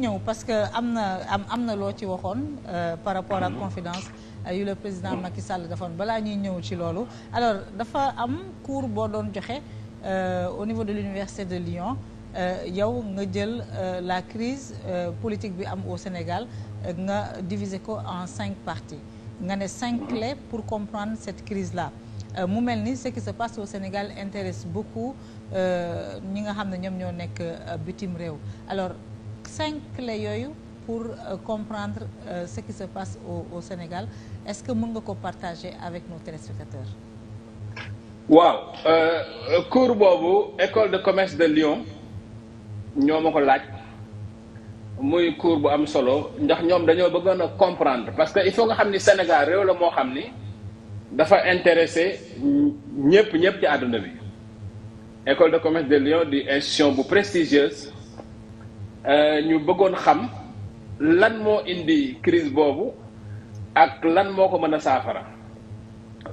ñëw parce que am na am am na loo ci waxoon euh, par rapport ak mm-hmm. confidence euh, yu la président Macky Sall defoon balaa ñuy ñëw ci loolu alors dafa am cours boo doon joxe euh, au niveau de l'université de Lyon yow nga jël la crise politique bi am au Sénégal nga diviser ko en cinq parties nga ne cinq mm-hmm. clés pour comprendre cette crise la mu mel ni ce qui se passe au Sénégal intéresse beaucoup ñi nga xam ne ñoom ñoo nekk bitim réew cinq clés yooyu pour euh, comprendre euh, ce qui se passe au, Sénégal est-ce que mun nga ko partager avec nos téléspectateurs waaw euh, cours boobu école de commerce de Lyon ñoo ma ko laaj muy cours bu am solo ndax ñoom dañoo bëggoon a comprendre parce que il faut nga xam ni Sénégal réew la moo xam ni dafa intéressé ñëpp ñëpp ci àdduna bi école de commerce de Lyon di institution bu prestigieuse Euh, ñu bëggoon xam lan moo indi crise boobu ak lan moo ko mën a saafara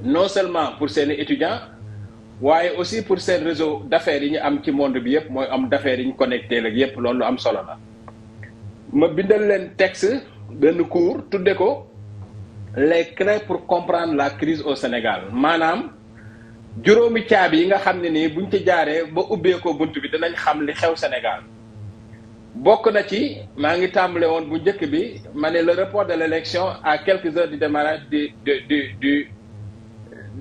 non seulement pour seeni étudiants waaye aussi pour seen réseau d'affaires yi ñu am ci monde bi yépp mooy am d'affaires yi ñu connecté ak yépp loolu lu am solo la ma bindal leen texte benn cours tudde ko les clés pour comprendre la crise au Sénégal maanaam juróomi caabi yi nga xam ne nii buñ ci jaaree ba ubbee ko bunt bi danañ xam li xew Sénégal bokk na ci maa ngi tàmbale woon bu njëkk bi ma ne le report de l' élection à quelques heures du démarrage du du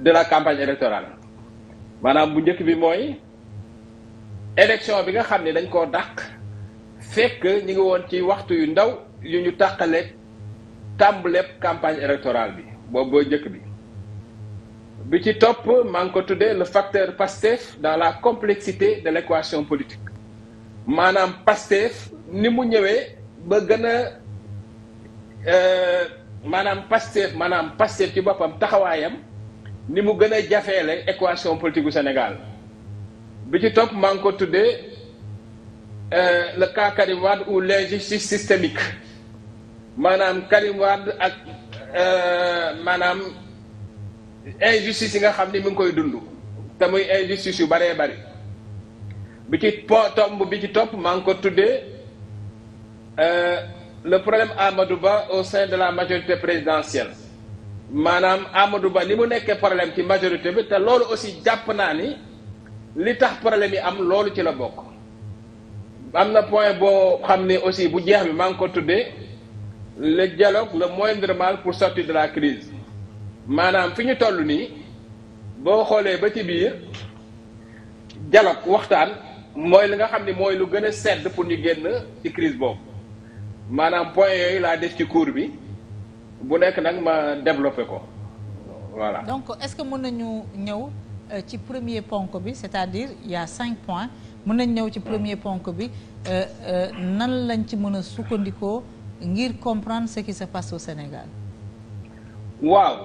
de la campagne électorale maanaam bu njëkk bi mooy élection bi nga xam ne dañ koo dàq fekk ñu ngi woon ci waxtu yu ndaw yu ñu tàqaleeg tàmbaleeb campagne électorale bi boobu boo njëkk bi bi ci topp maa ngi ko tuddee le facteur Pastef dans la complexité de l' politique maanaam Pastef ni mu ñëwee ba gën a euh, maanaam Pastef maanaam Pastef ci boppam taxawaayam ni mu gën a jafeele équation politique gu Sénégal bi ci topp maa ngi ko tuddee euh, le cas Karim Wade ou l'injustice systémique maanaam Karim Wade ak euh, maanaam injustice yi nga xam ni mu ngi koy dund te muy injustice yu bëree bëri bi ci tomb bi ci topp maa ngi ko tuddee euh, le problème Amadou Ba au sein de la majorité présidentielle maanaam Amadou Ba li mu nekkee problème ci majorité bi te loolu aussi jàpp naa ni li tax problème yi am loolu ci la bokk am na point boo xam ne aussi bu jeex bi maa ngi ko tuddee le dialogue le moindre mal pour sortir de la crise maanaam fi ñu toll nii boo xoolee ba ci biir dialogue waxtaan mooy li nga xam ni mooy lu gën a sedd pour ñu génn ci crise boobu maanaam point yooyu laa def ci cours bi bu nekk nag ma développé ko voilà. donc est-ce que mën nañu ñëw euh, ci premier ponk bi c'est-à-dire il cinq points mën nañ ñëw ci premier ponk bi euh, euh, nan lañ ci mën a sukkandikoo ngir comprendre ce qui se passe au Sénégal. waaw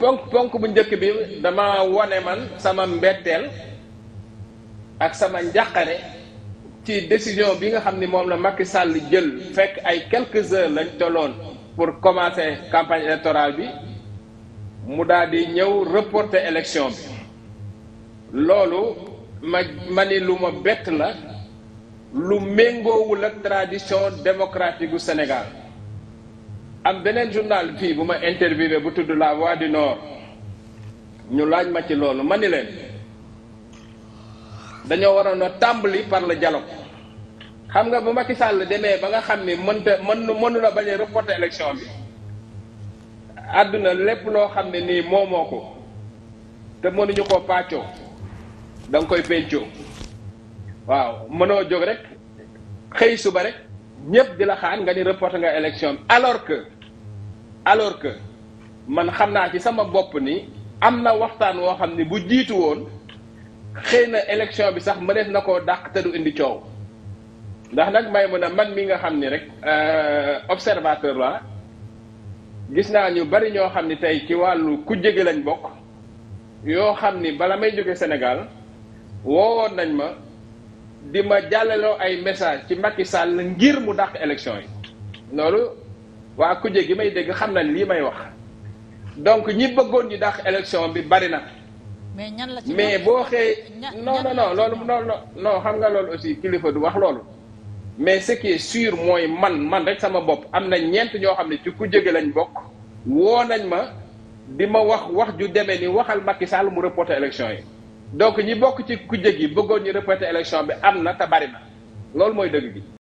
ponk ponk bu njëkk bi dama wane man sama mbetteel. ak sama njàqare ci décision bi nga xam ni moom la Macky Sall jël fekk ay quelques heures lañ toloon pour commencer campagne électorale bi mu daal di ñëw reporter élection bi loolu ma ma ni lu ma bett la lu méngoowul ak tradition démocratique gu Sénégal am beneen journal fii bu ma interviewé bu tudd La Voix du Nord ñu laaj ma ci loolu ma ni leen dañoo waroon a tàmbali par le dialogue xam nga bu ma ki sàll demee ba nga xam ni mënta mën mënu la bañ a reporter élection bi àdduna lépp loo xam ne nii moomoo ko te mënuñu koo pàccoo da koy pencoo waaw mënoo jóg rek xëy suba rek ñëpp di la nga ni reporter nga élection bi alors que alors que man xam naa ci sama bopp ni am na waxtaan woo xam ni bu jiitu woon. xëy na élection bi sax mënees na koo dàq te du indi coow ndax nag may mun a man mi nga xam ni rek euh, observateur la gis naa ñu bari ñoo xam ni tey ci wàllu ku gi lañ bokk yoo xam ni bala may jóge Sénégal woowoon nañ ma di ma jàllaloo ay message ci Macky Sall ngir mu dàq élection yi loolu waa kuje gi may dégg xam nañ lii may wax donc ñi bëggoon ñu dàq élection bi bari na mais ñan la mais boo xëyee. non non non loolu non non xam nga loolu aussi kilifa du wax loolu. mais ce qui mooy man man rek sama bopp am na ñeent ñoo xam ne ci ku jóge lañ bokk. woo nañ ma bi ma wax wax ju demee ni waxal Macky Sall mu reporter élection yi. donc ñi bokk ci ku gi yi bëggoon ñu reporter élection bi am na te bari na loolu mooy dëgg gi.